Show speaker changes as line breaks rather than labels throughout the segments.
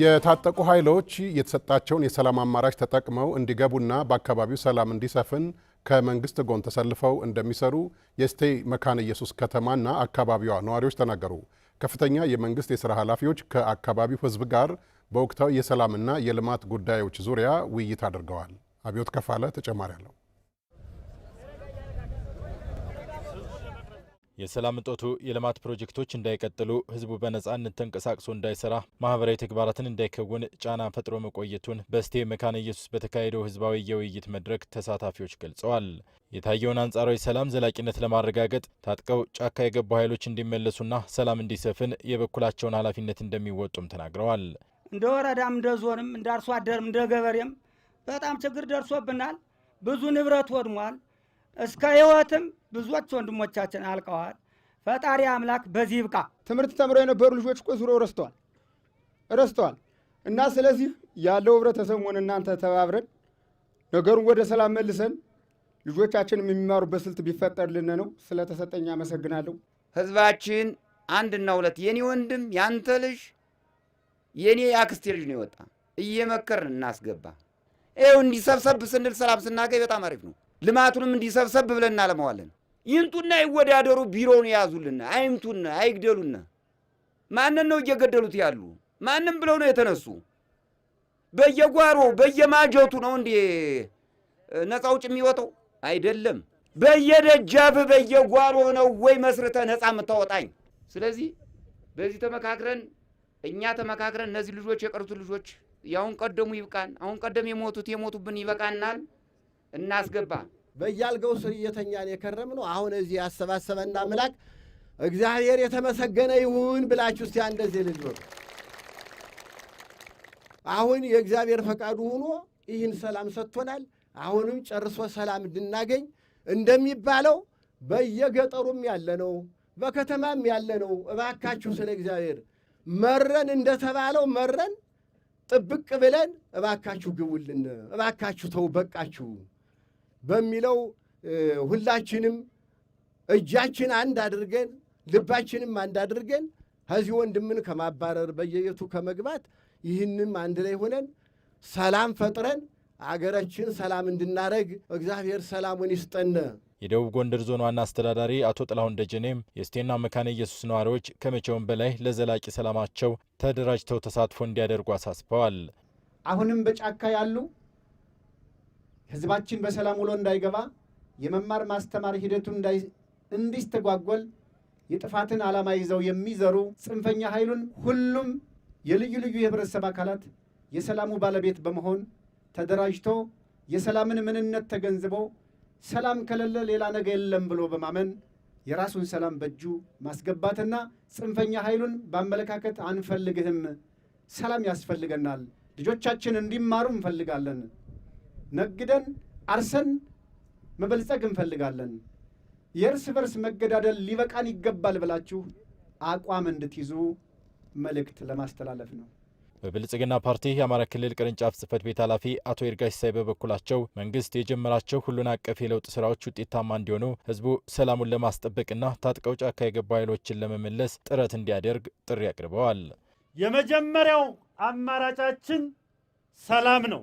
የታጠቁ ኃይሎች የተሰጣቸውን የሰላም አማራጭ ተጠቅመው እንዲገቡና በአካባቢው ሰላም እንዲሰፍን ከመንግስት ጎን ተሰልፈው እንደሚሰሩ የስቴ መካነ ኢየሱስ ከተማና አካባቢዋ ነዋሪዎች ተናገሩ። ከፍተኛ የመንግስት የሥራ ኃላፊዎች ከአካባቢው ሕዝብ ጋር በወቅታዊ የሰላምና የልማት ጉዳዮች ዙሪያ ውይይት አድርገዋል። አብዮት ከፋለ ተጨማሪ አለው።
የሰላም እጦቱ የልማት ፕሮጀክቶች እንዳይቀጥሉ፣ ህዝቡ በነጻነት ተንቀሳቅሶ እንዳይሰራ፣ ማህበራዊ ተግባራትን እንዳይከውን ጫና ፈጥሮ መቆየቱን በስቴ መካነ ኢየሱስ በተካሄደው ህዝባዊ የውይይት መድረክ ተሳታፊዎች ገልጸዋል። የታየውን አንጻራዊ ሰላም ዘላቂነት ለማረጋገጥ ታጥቀው ጫካ የገቡ ኃይሎች እንዲመለሱና ሰላም እንዲሰፍን የበኩላቸውን ኃላፊነት እንደሚወጡም ተናግረዋል።
እንደ ወረዳም እንደ ዞንም እንደ አርሶ አደርም እንደ ገበሬም በጣም ችግር ደርሶብናል። ብዙ ንብረት ወድሟል። እስከ ህይወትም ብዙዎች ወንድሞቻችን አልቀዋል። ፈጣሪ አምላክ በዚህ ይብቃ።
ትምህርት ተምረው የነበሩ ልጆች እኮ ዙሮ ረስተዋል ረስተዋል እና ስለዚህ ያለው ህብረተሰብ እናንተ ተባብረን ነገሩን ወደ ሰላም መልሰን ልጆቻችንም የሚማሩበት ስልት ቢፈጠርልን ነው። ስለተሰጠኝ አመሰግናለሁ።
ህዝባችን አንድና ሁለት የኔ ወንድም ያንተ ልጅ የኔ የአክስቴ ልጅ ነው የወጣ እየመከርን እናስገባ። ይኸው እንዲህ ሰብሰብ ስንል ሰላም ስናገኝ በጣም አሪፍ ነው። ልማቱንም እንዲሰብሰብ ብለን እናለመዋለን። ይምጡና ይወዳደሩ፣ ቢሮውን የያዙልን አይምቱና አይግደሉና። ማንን ነው እየገደሉት ያሉ? ማንም ብለው ነው የተነሱ። በየጓሮ በየማጀቱ ነው እንዴ ነፃ ውጭ የሚወጣው? አይደለም። በየደጃፍ በየጓሮ ነው ወይ መስርተ ነፃ የምታወጣኝ?
ስለዚህ በዚህ ተመካክረን እኛ ተመካክረን እነዚህ ልጆች የቀሩት ልጆች ያሁን ቀደሙ ይብቃን። አሁን ቀደም የሞቱት የሞቱብን ይበቃናል። እናስገባ።
በያልገው ስር እየተኛን የከረም ነው። አሁን እዚህ ያሰባሰበና አምላክ እግዚአብሔር የተመሰገነ ይሁን ብላችሁ እስቲ እንደዚህ ልጅ አሁን የእግዚአብሔር ፈቃዱ ሆኖ ይህን ሰላም ሰጥቶናል። አሁንም ጨርሶ ሰላም እንድናገኝ እንደሚባለው በየገጠሩም ያለነው በከተማም ያለ ነው እባካችሁ ስለ እግዚአብሔር መረን እንደተባለው መረን ጥብቅ ብለን እባካችሁ ግቡልን፣ እባካችሁ ተው፣ በቃችሁ በሚለው ሁላችንም እጃችን አንድ አድርገን ልባችንም አንድ አድርገን ከዚህ ወንድምን ከማባረር በየቤቱ ከመግባት ይህንም አንድ ላይ ሆነን ሰላም ፈጥረን አገራችን ሰላም እንድናረግ እግዚአብሔር ሰላሙን ይስጠን።
የደቡብ ጎንደር ዞን ዋና አስተዳዳሪ አቶ ጥላሁን ደጀኔም የስቴና መካነ ኢየሱስ ነዋሪዎች ከመቼውም በላይ ለዘላቂ ሰላማቸው ተደራጅተው ተሳትፎ እንዲያደርጉ አሳስበዋል።
አሁንም በጫካ ያሉ ህዝባችን በሰላም ውሎ እንዳይገባ፣ የመማር ማስተማር ሂደቱ እንዲስተጓጎል የጥፋትን ዓላማ ይዘው የሚዘሩ ጽንፈኛ ኃይሉን ሁሉም የልዩ ልዩ የህብረተሰብ አካላት የሰላሙ ባለቤት በመሆን ተደራጅቶ የሰላምን ምንነት ተገንዝቦ ሰላም ከሌለ ሌላ ነገ የለም ብሎ በማመን የራሱን ሰላም በእጁ ማስገባትና ጽንፈኛ ኃይሉን በአመለካከት አንፈልግህም፣ ሰላም ያስፈልገናል፣ ልጆቻችን እንዲማሩ እንፈልጋለን ነግደን አርሰን መበልጸግ እንፈልጋለን። የእርስ በርስ መገዳደል ሊበቃን ይገባል ብላችሁ አቋም እንድትይዙ መልእክት ለማስተላለፍ ነው።
በብልጽግና ፓርቲ የአማራ ክልል ቅርንጫፍ ጽህፈት ቤት ኃላፊ አቶ ይርጋ ሲሳይ በበኩላቸው መንግስት የጀመራቸው ሁሉን አቀፍ የለውጥ ስራዎች ውጤታማ እንዲሆኑ ህዝቡ ሰላሙን ለማስጠበቅና ታጥቀው ጫካ የገቡ ኃይሎችን ለመመለስ ጥረት እንዲያደርግ ጥሪ አቅርበዋል።
የመጀመሪያው አማራጫችን ሰላም ነው።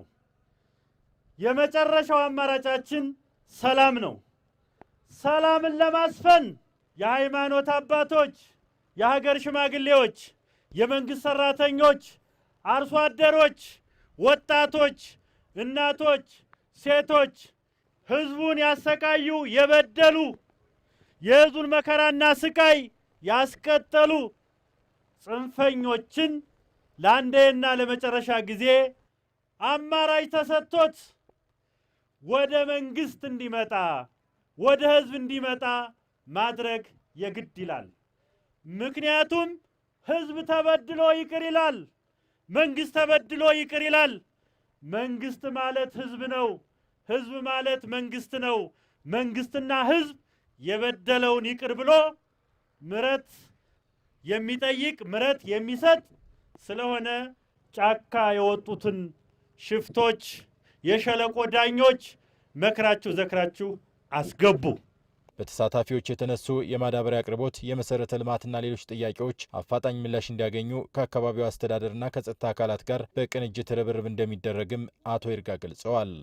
የመጨረሻው አማራጫችን ሰላም ነው። ሰላምን ለማስፈን የሃይማኖት አባቶች፣ የሀገር ሽማግሌዎች፣ የመንግሥት ሠራተኞች፣ አርሶ አደሮች፣ ወጣቶች፣ እናቶች፣ ሴቶች ህዝቡን ያሰቃዩ የበደሉ የህዝቡን መከራና ስቃይ ያስቀጠሉ ጽንፈኞችን ለአንዴና ለመጨረሻ ጊዜ አማራጭ ተሰጥቶት ወደ መንግስት እንዲመጣ ወደ ህዝብ እንዲመጣ ማድረግ የግድ ይላል። ምክንያቱም ህዝብ ተበድሎ ይቅር ይላል፣ መንግስት ተበድሎ ይቅር ይላል። መንግስት ማለት ህዝብ ነው። ህዝብ ማለት መንግስት ነው። መንግስትና ህዝብ የበደለውን ይቅር ብሎ ምረት የሚጠይቅ ምረት የሚሰጥ ስለሆነ ጫካ የወጡትን ሽፍቶች የሸለቆ ዳኞች መክራችሁ ዘክራችሁ አስገቡ።
በተሳታፊዎች የተነሱ የማዳበሪያ አቅርቦት፣ የመሰረተ ልማትና ሌሎች ጥያቄዎች አፋጣኝ ምላሽ እንዲያገኙ ከአካባቢው አስተዳደርና ከጸጥታ አካላት ጋር በቅንጅት ርብርብ እንደሚደረግም አቶ ይርጋ ገልጸዋል።